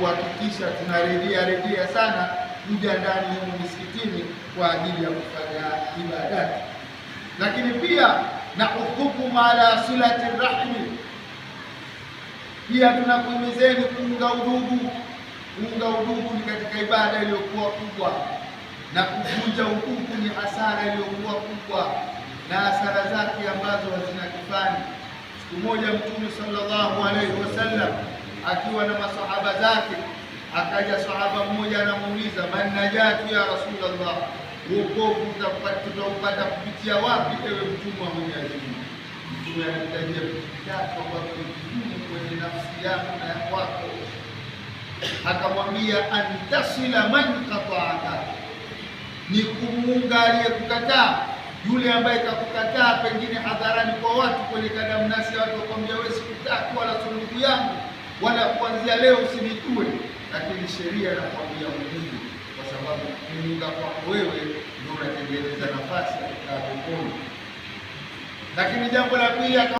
kuhakikisha tunarejea rejea sana kuja ndani humu misikitini kwa ajili ya kufanya ibadati, lakini pia na ukhukum ala silati rahmi, pia tunakuhimizeni kuunga udugu. Kuunga udugu ni katika ibada iliyokuwa kubwa, na kuvunja udugu ni hasara iliyokuwa kubwa na hasara zake ambazo hazina kifani. Siku moja Mtume sallallahu alaihi wasallam akiwa na masahaba zake. Akaja sahaba mmoja anamuuliza, man najatu ya Rasulullah, wokovu tutaupata kupitia wapi ewe mtumwa wa Mwenyezi Mungu? Mtume anamtajia vitu vitatu ni vigumu kwenye nafsi yako na ya kwako, akamwambia antasila man qataaka, ni kumuunga aliyekukataa yule ambaye kakukataa, pengine hadharani kwa watu, kwenye kadamnasi ya watu wakwambia, wewe sikutaki wala suluhu yangu wala kuanzia leo usijitue, lakini sheria nakwambia ujibu, kwa sababu kuinuka kwako wewe ndio unatengeneza nafasi ya kukaa Lakini jambo la pili